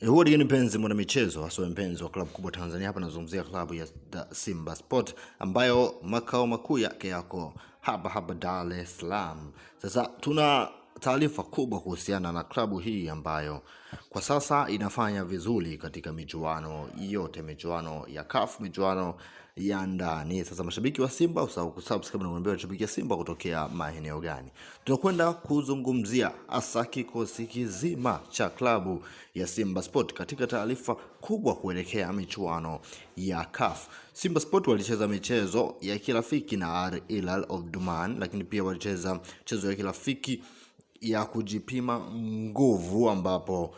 Eh, huo ni mpenzi mwana michezo hasa mpenzi wa klabu kubwa Tanzania, hapa nazungumzia klabu ya Simba Sport ambayo makao makuu yake yako hapa hapa Dar es Salaam. Sasa tuna taarifa kubwa kuhusiana na klabu hii ambayo kwa sasa inafanya vizuri katika michuano yote, michuano ya CAF, michuano ya ndani. Sasa mashabiki wa Simba, usahau kusubscribe na kuambia mashabiki ya Simba kutokea maeneo gani. Tunakwenda kuzungumzia hasa kikosi kizima cha klabu ya Simba Sport katika taarifa kubwa kuelekea michuano ya CAF. Simba Sport walicheza michezo ya kirafiki na Al Hilal Omdurman, lakini pia walicheza mchezo ya kirafiki ya kujipima nguvu ambapo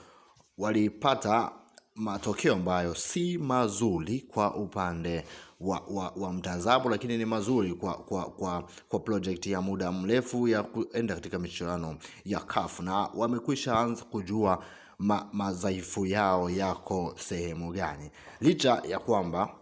walipata matokeo ambayo si mazuri kwa upande wa, wa, wa mtazamo, lakini ni mazuri kwa kwa kwa, kwa projekti ya muda mrefu ya kuenda katika michuano ya CAF na wamekwisha anza kujua ma, madhaifu yao yako sehemu gani, licha ya kwamba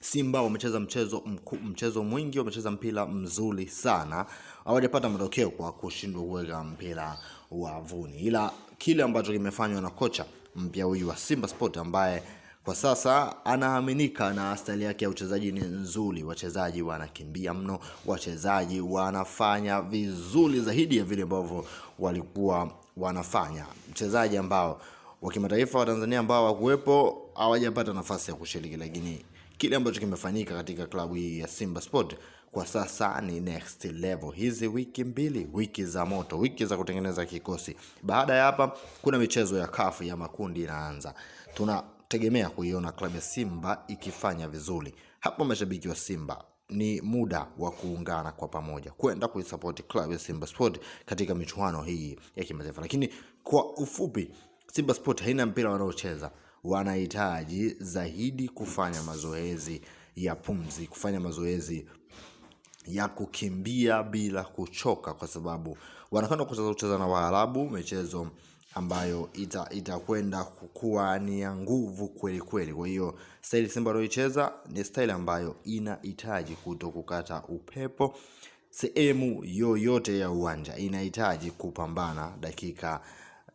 Simba wamecheza mchezo mku, mchezo mwingi, wamecheza mpira mzuri sana, hawajapata matokeo kwa kushindwa kuweka mpira wavuni, ila kile ambacho kimefanywa na kocha mpya huyu wa Simba Sport ambaye kwa sasa anaaminika na staili yake ya uchezaji ni nzuri. Wachezaji wanakimbia mno, wachezaji wanafanya vizuri zaidi ya vile ambavyo walikuwa wanafanya. Mchezaji ambao wa kimataifa wa Tanzania ambao hawakuwepo hawajapata nafasi ya kushiriki, lakini Kile ambacho kimefanyika katika klabu hii ya Simba Sport kwa sasa ni next level. Hizi wiki mbili, wiki za moto, wiki za kutengeneza kikosi. Baada ya hapa, kuna michezo ya kafu ya makundi inaanza, tunategemea kuiona klabu ya Simba ikifanya vizuri. Hapo mashabiki wa Simba ni muda wa kuungana kwa pamoja kwenda kuisupport klabu ya Simba Sport katika michuano hii ya kimataifa, lakini kwa ufupi, Simba Sport haina mpira wanaocheza wanahitaji zaidi kufanya mazoezi ya pumzi, kufanya mazoezi ya kukimbia bila kuchoka, kwa sababu wanakwenda kucheza kucheza na Waarabu michezo ambayo itakwenda ita kuwa ni ya nguvu kweli kweli. Kwa hiyo staili Simba anayoicheza ni staili ambayo inahitaji kuto kukata upepo sehemu yoyote ya uwanja, inahitaji kupambana dakika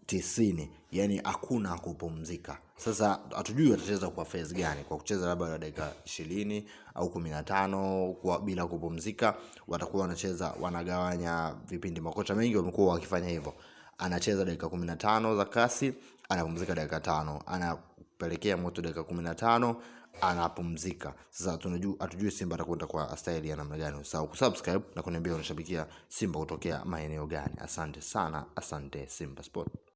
tisini, yani hakuna kupumzika. Sasa hatujui watacheza kwa phase gani, kwa kucheza labda na dakika ishirini au kumi na tano kwa bila kupumzika, watakuwa wanacheza wanagawanya vipindi. Makocha mengi wamekuwa wakifanya hivyo, anacheza dakika kumi na tano za kasi, anapumzika dakika tano, anapelekea moto dakika kumi na tano anapumzika. Sasa tunajua hatujui Simba atakwenda kwa staili ya namna gani. Usahau kusubscribe na kuniambia unashabikia Simba kutokea maeneo gani. Asante sana, asante Simba Sport.